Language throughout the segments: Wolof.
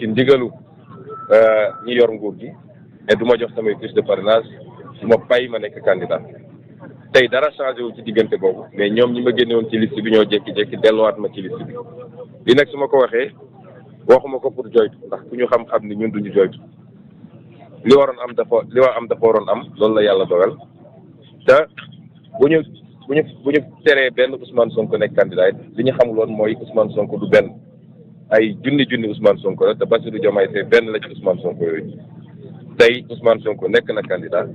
ci ndigalu euh, ñi yor nguur gi ne du jox samay fiche de parrainage du ma ma nekk candidat tey dara changé wu ci diggante boobu mais ñoom ñi ma génne woon ci liste bi ñoo jékki-jékki delluwaat ma ci liste bi li nag su ko waxuma ko pour joytu ndax ku ñu xam xam ni ñun duñu joytu li am dafa li war am dafa am loolu la yàlla dogal te bu ñu bu ñu bu Ousmane Sonko nekk candidat li ñu Ousmane Sonko du benn ay junni junni Ousmane Sonko la te Bassirou Diomaye Faye benn la ci Ousmane Sonko yooyu tey Ousmane sonk nekk na candidat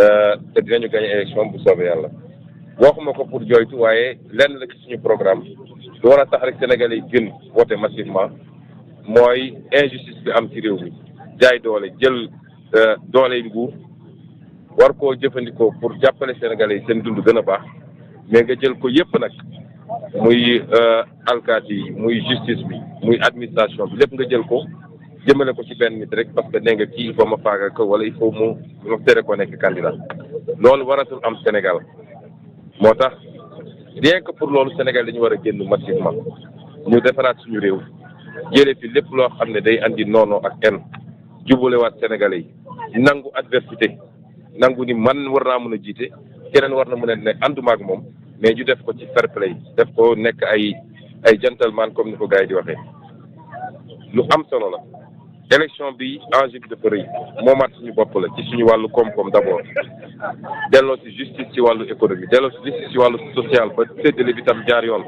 euh, te dinañu gagné élection bu soobee yàlla waxuma ko pour jooytu waaye lenn la ci suñu programme lu war a tax rek Sénégalais yi gën voté massivement mooy injustice bi am ci réew mi jaay doole jël euh, doole nguur war koo jëfandikoo pour jàppale Sénégalais yi seen dund gën a baax mais nga jël ko yépp nag muy euh, alkaati yi muy justice bi muy administration bi lépp nga jël ko jëmale ko ci benn nit rek parce ne nee nga kii il faut ma faaga ko wala il faut mu ma tere ko nekk candidat loolu waratul am Sénégal moo tax rien que pour loolu Sénégal dañu war a génn massivement ñu defaraat suñu réew jëlee fi lépp loo xam ne day andi noonu ak kenn jublewaat Sénégalais yi nangu adversité nangu ni man war naa mën a jiite keneen war na mën a nekk ànduma ak moom. mais ñu def ko ci fair play def ko nekk ay ay gentleman comme ni ko gars di waxee lu am solo la élection bi enjeu de dafa rëy moomaat suñu bopp la ci suñu wàllu koom-koom d'abord delloo si justice ci wàllu économie delloo si justice ci wàllu social ba séddale bi tam jaar yoon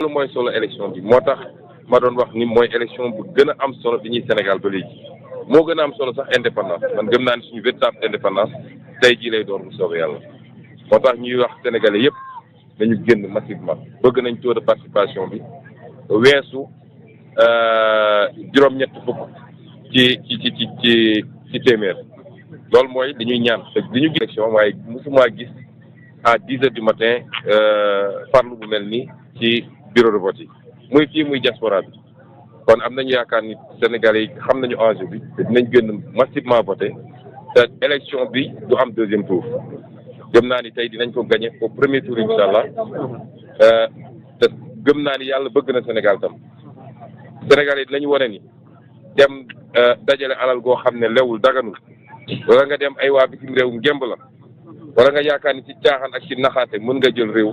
lu mooy solo élection bi moo tax ma doon wax ni mooy élection bu gën a am solo bi ñuy Sénégal ba léegi moo gën a am solo sax indépendance man gëm naa ni suñu véritable indépendance tey jii lay doon bu soobee yàlla moo tax ñuy wax sénégalais yépp nañu génn massivement bëgg nañ taux de participation bi weesu euh, juróom-ñett fukk ci ci ci ci ci ci téeméer loolu mooy li ñuy ñaan te li ñu gis élection waaye mosumaa gis à dix heures du matin euh, farlu bu mel nii ci bureau de vote yi muy fii muy diaspora bi kon am nañu yaakaar ni Sénégalais yi xam nañu enjeu bi te dinañ génn massivement voté te élection bi du am deuxième tour gëm naa ni tey dinañ ko gagné au premier tour incha allah euh, gëm naa ni yàlla bëgg na Sénégal tam Sénégal yi dinañu wane ni dem euh, dajale alal goo xam ne lewul daganul wala nga dem ay waa bitim réew ngémb la wala nga yaakaar ni ci caaxaan ak ci naxaate mën nga jël réew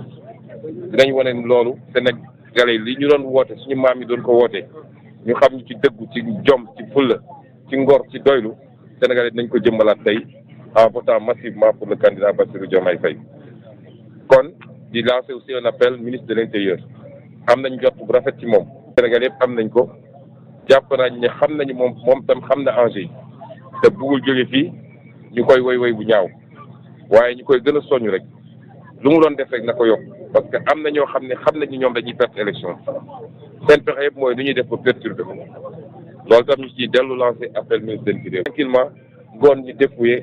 dinañ wane ni loolu Sénégalais li ñu doon woote suñu maam yi doon ko woote ñu xam ñu ci dëggu ci jom ci fulla ci ngor ci doylu Sénégalais dinañ ko jëmbalaat tey en votant massivement pour le candidat Bassirou Diomaye Faye kon di lancer aussi un appel ministre de l'intérieur am nañ jot bu rafet ci moom Sénégal yëpp am nañ ko jàpp nañ ne xam nañu moom moom tam xam na enjeu yi te buggul jóge fii ñu koy woy woy bu ñaaw waaye ñu koy gën a soñu rek lu mu doon def rek na ko parce que am na ñoo xam ne xam nañu ñoom dañuy perte élection seen pexe yëpp mooy nu ñuy def ba perturber loolu tam ñu ciy dellu lancer appel ministre de l'intérieur tranquillement gon ñu dépouiller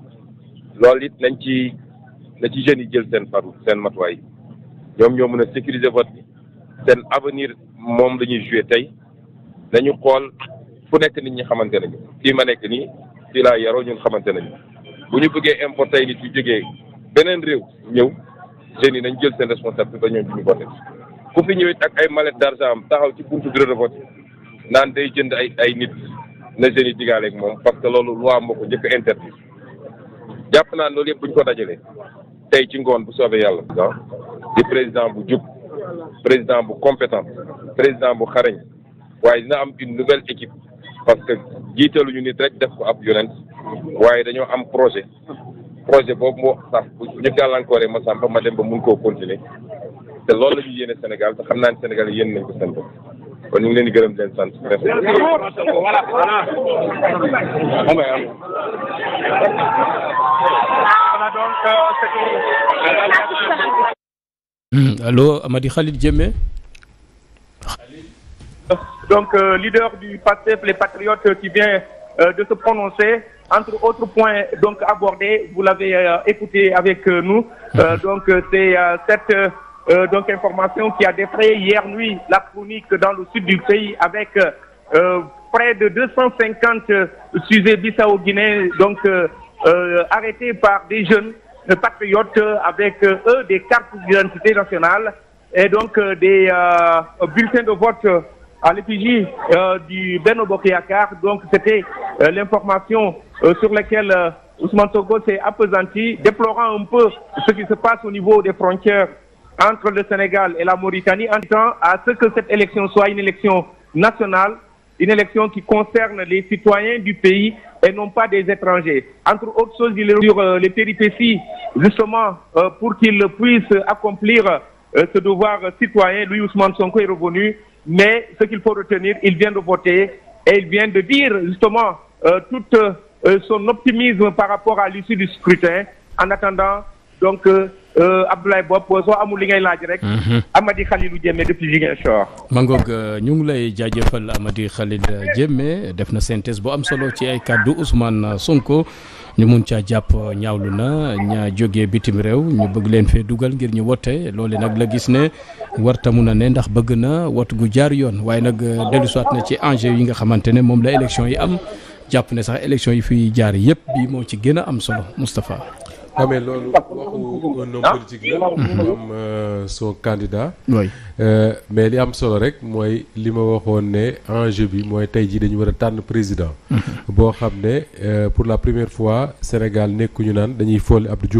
loolu it nañ ci na ci jeunes yi jël seen farlu seen matuwaay ñoom ñoo mën a sécuriser vote bi seen avenir moom la ñuy joué tey nañu xool fu nekk nit ñi xamante nañu fii ma nekk nii fii laa yaroo ñun xamante nañu bu ñu bëggee importer nit yu jógee beneen réew ñëw jeunes nañ jël seen responsabilité ba ñoom ñu voté ku fi ñëwit ak ay mallette d'argent am taxaw ci buntu bureau de vote naan day jënd ay ay nit na jeunes yi digaaleeg moom parce que loolu loi moo ko jëkk a interdit jàpp naan loolu yëpp bu ñu ko dajalee tey ci ngoon bu soobee yàlla. di président bu jub président bu compétent président bu xareñ waaye dina am une nouvelle équipe parce que jiitaluñu nit rek def ko ab yonent waaye dañoo am projet projet boobu moo tax bu ñu gàllankooree ma sàmp ma dem ba mun koo continuer te loolu la ñu yéene Sénégal te xam naa ne Sénégal yéen nañ ko seen bopp kon ñu hmm, Khalid donc euh, leader du PASTEF les patriotes euh, qui vient euh, de se prononcer entre autres points donc abordés vous l'avez écouté avec nous mhm. donc c'est cette euh, donc information qui a défrayé hier nuit la chronique dans le sud du pays avec euh, euh, près de 250 sujets bissau-guinéens donc euh, arrêtés par des jeunes patriotes avec eux des cartes d'identité nationale et donc des bulletins de vote à l'effigie du Beno Akar. Donc c'était l'information sur laquelle Ousmane Togo s'est apesanti, déplorant un peu ce qui se passe au niveau des frontières entre le Sénégal et la Mauritanie en temps à ce que cette élection soit une élection nationale, une élection qui concerne les citoyens du pays et non pas des étrangers. Entre autres choses, il est sur euh, les péripéties, justement, euh, pour qu'il puisse accomplir euh, ce devoir citoyen. lui, Ousmane Sonko est revenu, mais ce qu'il faut retenir, il vient de voter et il vient de dire, justement, tout son optimisme par rapport à l'issue du scrutin, en attendant, donc, Euh, Abdoulaye Bopp soo amul li ngay laaj rek. Mhm. Amady Khalilou Diémé depuis euh, ñu ngi lay jaajëfal Amady Khalil euh, Diémé def na synthèse boo am solo ci ay kàddu Ousmane sunko ñu mun caa jàpp ñaawlu na ñaa jóge bitim réew ñu bëgg leen fee dugal ngir ñu wote loole nag la gis ne warta mun a ne ndax bëgg na wot gu jaar yoon waaye nag dellusiwaat na ci enjeu yi nga xamante ne moom la élection yi am jàpp ne sax élection yi fi jaar yëpp bi moo ci gën a am solo Moustapha. mais ah, un homme ah, politique euh, son candidat. oui euh, mais li am solo rek moy je ma un ne enjeu bi moy tay ji dañu président. Mhm. bo euh, pour la première fois Sénégal ñu nan dañuy folli Abdou